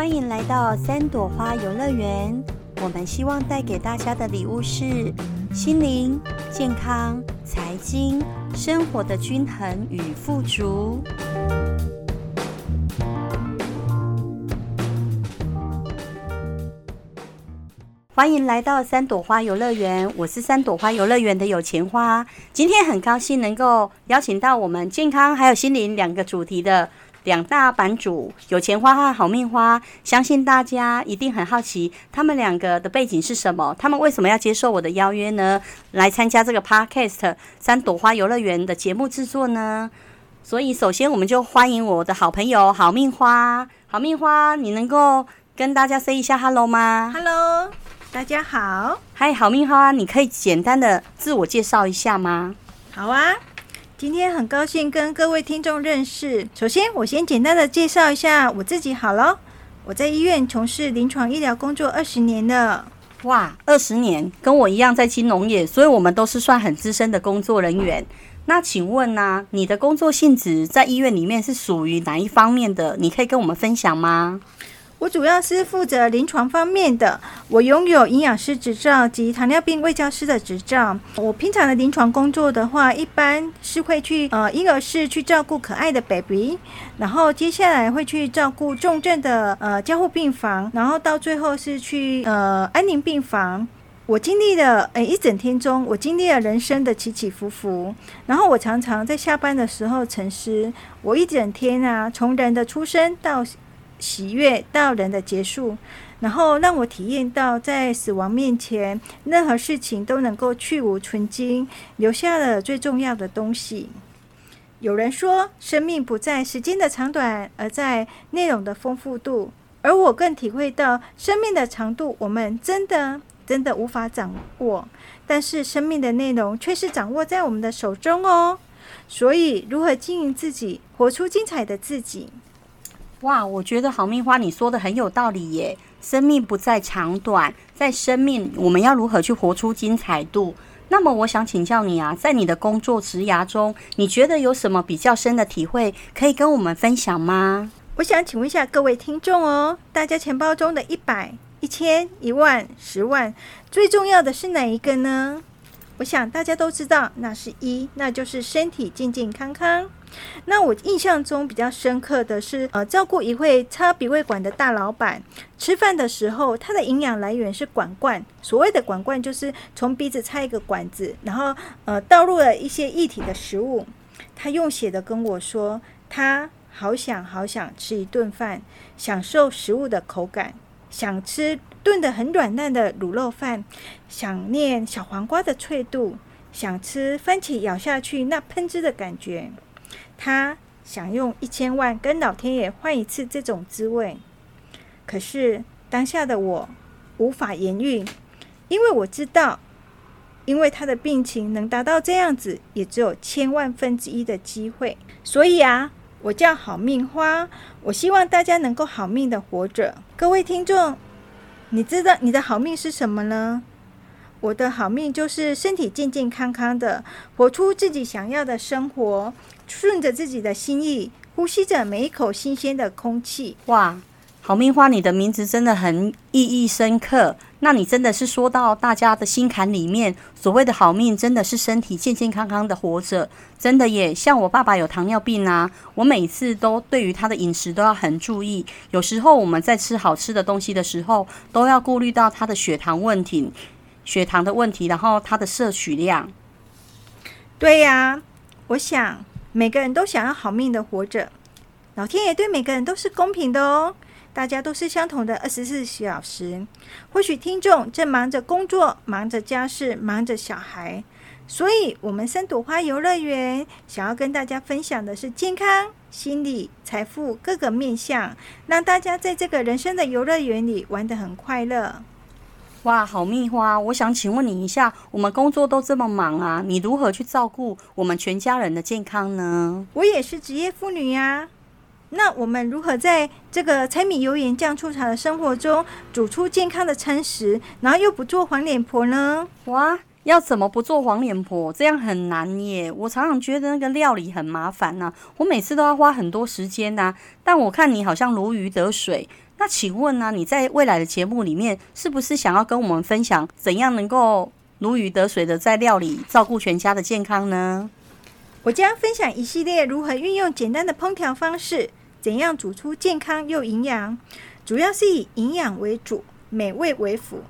歡迎來到三朵花遊樂園。我們希望帶給大家的禮物是心靈、健康、財經、生活的均衡與富足。歡迎來到三朵花遊樂園，我是三朵花遊樂園的有錢花。今天很高興能夠邀請到我們健康還有心靈兩個主題的。兩大版主有情花和好命花，相信大家一定很好奇他們兩個的背景是什麼？他們為什麼要接受我的邀約呢？來參加這個 podcast 三朵花遊樂園的節目制作呢？所以，首先我們就歡迎我的好朋友好命花。好命花，你能夠跟大家 say 一下 hello 嗎？Hello，大家好。Hi，好命花，你可以簡單的自我介紹一下嗎？好啊。今天很高興跟各位聽眾認識。首先，我先簡單的介紹一下我自己，好了，我在醫院從事臨床醫療工作二十年了。哇，二十年，跟我一樣在金融業，所以我們都是算很資深的工作人員。那請問呢、啊，你的工作性質在醫院裡面是屬於哪一方面的？你可以跟我們分享嗎？我主要是負責臨床方面的。我擁有營養師執照及糖尿病衛教師的執照。我平常的臨床工作的話，一般是會去呃嬰兒室去照顧可愛的 baby，然後接下來會去照顧重症的呃加護病房，然後到最後是去呃安寧病房。我經歷了呃一整天中，我經歷了人生的起起伏伏。然後我常常在下班的時候沉思，我一整天啊，從人的出生到。喜悅到人的結束，然後讓我體驗到，在死亡面前，任何事情都能夠去蕪存菁，留下了最重要的東西。有人說，生命不在時間的長短，而在內容的豐富度。而我更體會到，生命的長度我們真的真的無法掌握，但是生命的內容卻是掌握在我們的手中哦。所以，如何經營自己，活出精彩的自己？哇，我覺得好命花你說的很有道理耶！生命不在長短，在生命我們要如何去活出精彩度？那麼我想請教你啊，在你的工作職涯中，你覺得有什麼比較深的體會可以跟我們分享嗎？我想請問一下各位聽眾哦，大家錢包中的一百、一千、一萬、十萬，最重要的是哪一個呢？我想大家都知道，那是一，那就是身體健健康康。那我印象中比較深刻的是，呃，照顧一位插鼻胃管的大老闆吃飯的時候，他的營養來源是管罐。所謂的管罐，就是從鼻子插一個管子，然後呃，倒入了一些液體的食物。他用寫的跟我說，他好想好想吃一頓飯，享受食物的口感，想吃燉得很軟爛的滷肉飯，想念小黃瓜的脆度，想吃番茄咬下去那噴汁的感覺。他想用一千萬跟老天爺換一次這種滋味，可是當下的我無法言喻，因為我知道，因為他的病情能達到這樣子，也只有千萬分之一的機會。所以啊，我叫好命花，我希望大家能夠好命的活着。各位聽眾，你知道你的好命是什麼呢？我的好命就是身體健健康康的，活出自己想要的生活，順着自己的心意，呼吸着每一口新鮮的空氣。哇，好命花，你的名字真的很意義深刻。那你真的是說到大家的心坎裡面。所謂的好命，真的是身體健健康康的活着，真的耶。像我爸爸有糖尿病啊，我每次都對於他的飲食都要很注意。有時候我們在吃好吃的東西的時候，都要顧慮到他的血糖問題。血糖的問題，然後它的攝取量。對呀、啊，我想每個人都想要好命的活着，老天爺對每個人都是公平的哦，大家都是相同的二十四小時。或許聽眾正忙着工作，忙着家事，忙着小孩，所以我們三朵花遊樂園想要跟大家分享的是健康、心理、財富各個面向，讓大家在這個人生的遊樂園裡玩得很快樂。哇，好命花！我想請問你一下，我們工作都這麼忙啊，你如何去照顧我們全家人的健康呢？我也是職業婦女呀、啊。那我們如何在這個柴米油鹽醬醋茶的生活中煮出健康的餐食，然後又不做黃臉婆呢？哇，要怎麼不做黃臉婆？這樣很難耶。我常常覺得那個料理很麻煩吶、啊，我每次都要花很多時間吶、啊。但我看你好像如魚得水。那請問呢、啊？你在未來的節目裡面，是不是想要跟我們分享怎樣能夠如魚得水的在料理照顧全家的健康呢？我將分享一系列如何運用簡單的烹調方式，怎樣煮出健康又營養，主要是以營養為主，美味為輔。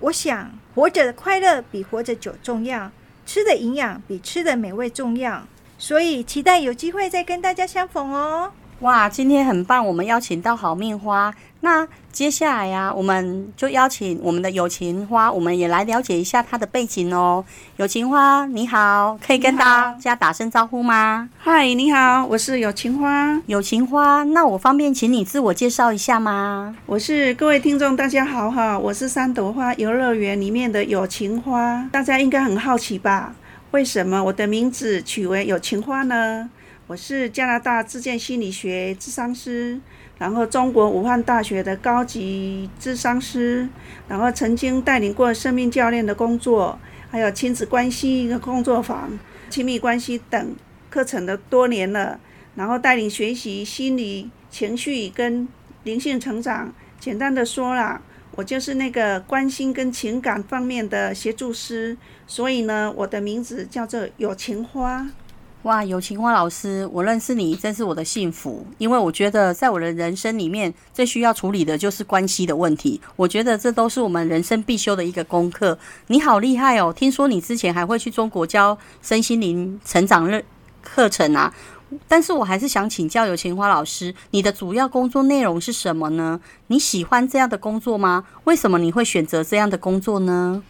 我想活着的快樂比活着久重要，吃的營養比吃的美味重要。所以期待有機會再跟大家相逢哦。哇，今天很棒，我們邀請到好命花。那接下來呀、啊，我們就邀請我們的有情花，我們也來了解一下他的背景哦。有情花，你好，可以跟大家打聲招呼嗎？好嗨，你好，我是有情花。有情花，那我方便請你自我介紹一下嗎？我是各位聽眾，大家好哈，我是三朵花遊樂園裡面的有情花。大家應該很好奇吧？為什麼我的名字取為有情花呢？我是加拿大知見心理學諮商師。然後，中國武漢大學的高級諮商師，然後曾經帶領過生命教練的工作，還有親子關係的工作坊、親密關係等課程的多年了。然後帶領學習心理、情緒跟靈性成長。簡單的說啦，我就是那個關心跟情感方面的協助師，所以呢，我的名字叫做有情花。哇，有情花老師，我認識你真是我的幸福，因為我覺得在我的人生裡面最需要處理的就是關係的問題。我覺得這都是我們人生必修的一個功課。你好厲害哦，聽說你之前還會去中國教身心靈成長課課程啊。但是我還是想請教有情花老師，你的主要工作內容是什麼呢？你喜歡這樣的工作嗎？為什麼你會選擇這樣的工作呢？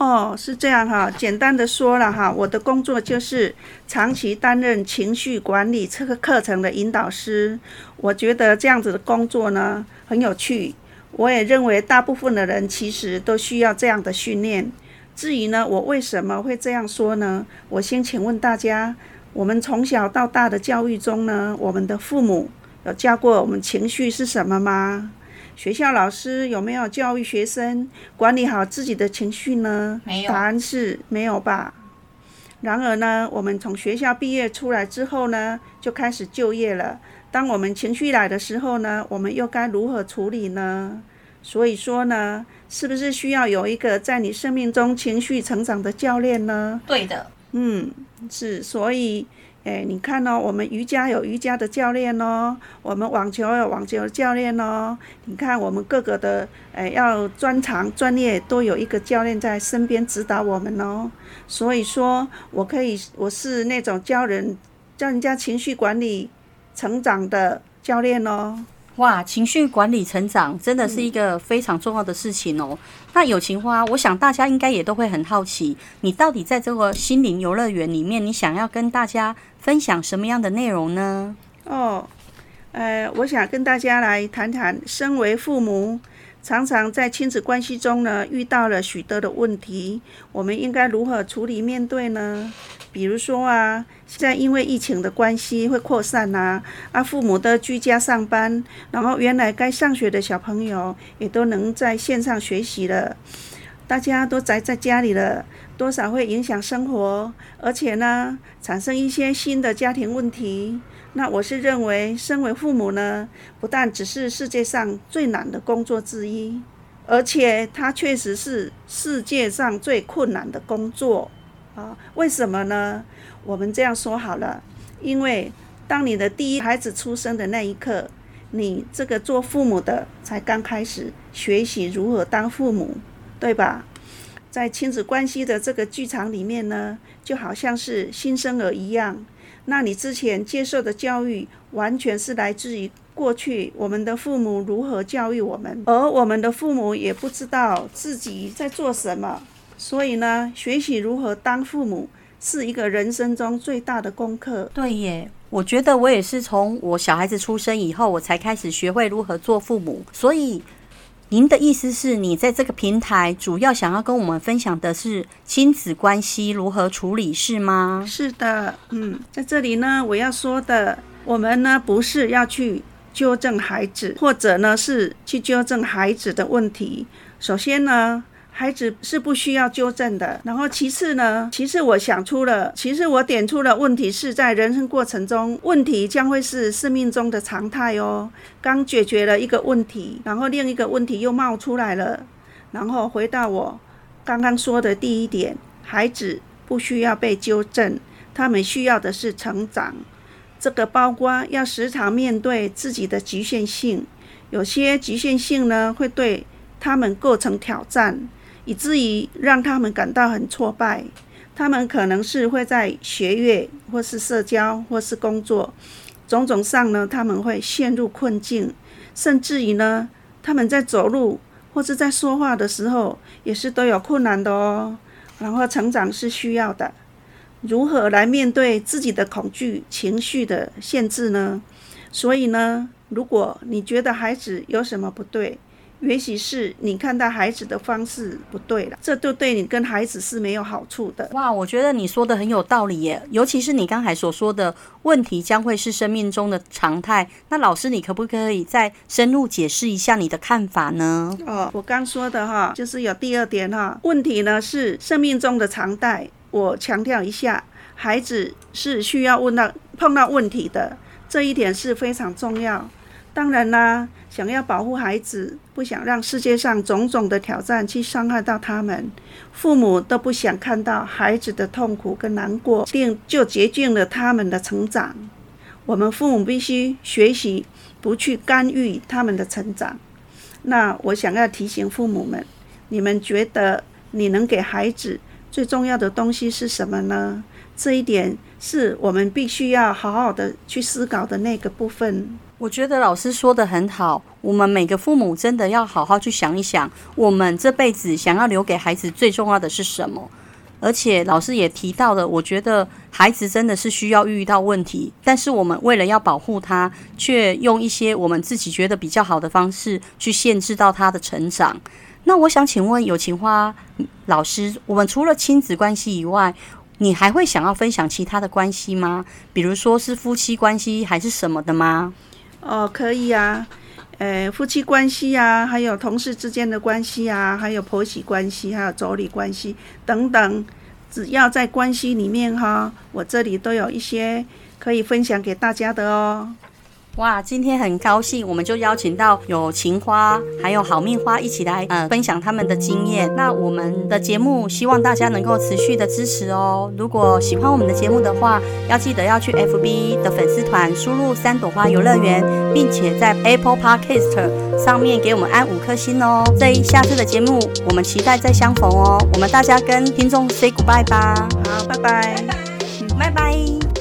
哦，是這樣哈。簡單的說了哈，我的工作就是長期擔任情緒管理這個課程的引導師。我覺得這樣子的工作呢，很有趣。我也認為大部分的人其實都需要這樣的訓練。至於呢，我為什麼會這樣說呢？我先請問大家，我們從小到大的教育中呢，我們的父母有教過我們情緒是什麼嗎？學校老師有沒有教育學生管理好自己的情緒呢？沒有。答案是沒有吧？然而呢，我們從學校畢業出來之後呢，就開始就業了。當我們情緒來的時候呢，我們又該如何處理呢？所以說呢，是不是需要有一個在你生命中情緒成長的教練呢？對的。嗯，是。所以。哎、欸，你看哦，我們瑜伽有瑜伽的教練哦，我們網球有網球的教練哦。你看，我們各個的，哎、欸，要專長專業，都有一個教練在身邊指導我們哦。所以說，我可以，我是那種教人教人家情緒管理、成長的教練哦。哇，情緒管理成長真的是一個非常重要的事情哦。嗯，那有情花，我想大家應該也都會很好奇，你到底在這個心靈遊樂園裡面，你想要跟大家分享什麼樣的內容呢？哦，呃，我想跟大家來談談，身為父母。常常在親子關係中呢，遇到了許多的問題，我們應該如何處理面對呢？比如說啊，現在因為疫情的關係會擴散吶，啊，啊父母都居家上班，然後原來該上學的小朋友也都能在線上學習了，大家都宅在家裡了，多少會影響生活，而且呢，產生一些新的家庭問題。那我是認為，身為父母呢，不但只是世界上最難的工作之一，而且它確實是世界上最困難的工作啊！為什麼呢？我們這樣說好了，因為當你的第一孩子出生的那一刻，你這個做父母的才剛開始學習如何當父母，對吧？在親子關係的這個劇場裡面呢，就好像是新生兒一樣。那你之前接受的教育，完全是來自於過去我們的父母如何教育我們，而我們的父母也不知道自己在做什麼。所以呢，學習如何當父母，是一個人生中最大的功課。對耶，我覺得我也是從我小孩子出生以後，我才開始學會如何做父母。所以。您的意思是你在這個平台主要想要跟我們分享的是親子關係如何處理，是嗎？是的，嗯，在這裡呢，我要說的，我們呢不是要去糾正孩子，或者呢是去糾正孩子的問題。首先呢。孩子是不需要糾正的。然後其次呢，其實我想出了，其實我點出了問題是在人生過程中，問題將會是生命中的常態哦。剛解決了一個問題，然後另一個問題又冒出來了。然後回到我剛剛說的第一點，孩子不需要被糾正，他們需要的是成長。這個包括要時常面對自己的局限性，有些局限性呢，會對他們構成挑戰。以至於讓他們感到很挫敗，他們可能是會在學業或是社交或是工作種種上呢，他們會陷入困境，甚至於呢，他們在走路或是在說話的時候也是都有困難的哦。然後成長是需要的，如何來面對自己的恐懼情緒的限制呢？所以呢，如果你覺得孩子有什麼不對，也許是你看待孩子的方式不對了，這都對你跟孩子是沒有好處的。哇，我覺得你說的很有道理耶，尤其是你剛才所說的問題將會是生命中的常態。那老師，你可不可以再深入解釋一下你的看法呢？哦，我剛說的哈，就是有第二點哈，問題呢是生命中的常態。我強調一下，孩子是需要問到碰到問題的，這一點是非常重要。當然啦，想要保護孩子，不想讓世界上種種的挑戰去傷害到他們，父母都不想看到孩子的痛苦跟難過，定就竭盡了他們的成長。我們父母必須學習不去干預他們的成長。那我想要提醒父母們：你們覺得你能給孩子最重要的東西是什麼呢？這一點。是我們必須要好好的去思考的那個部分。我覺得老師說的很好，我們每個父母真的要好好去想一想，我們這輩子想要留給孩子最重要的是什麼。而且老師也提到了，我覺得孩子真的是需要遇到問題，但是我們為了要保護他，卻用一些我們自己覺得比較好的方式去限制到他的成長。那我想請問有情花老師，我們除了親子關係以外，你還會想要分享其他的關係嗎？比如說是夫妻關係還是什麼的嗎？哦，可以啊，呃、欸，夫妻關係啊，還有同事之間的關係啊，還有婆媳關係，還有妯娌關係等等，只要在關係裡面哈，我這裡都有一些可以分享給大家的哦。哇，今天很高興，我們就邀請到有情花還有好命花一起來，呃，分享他們的經驗。那我們的節目希望大家能夠持續的支持哦。如果喜歡我們的節目的話，要記得要去 FB 的粉絲團輸入三朵花遊樂園，並且在 Apple Podcast 上面給我們按五顆星哦。這一下次的節目我們期待再相逢哦。我們大家跟聽眾 say goodbye 吧，好，拜拜，拜拜。 拜拜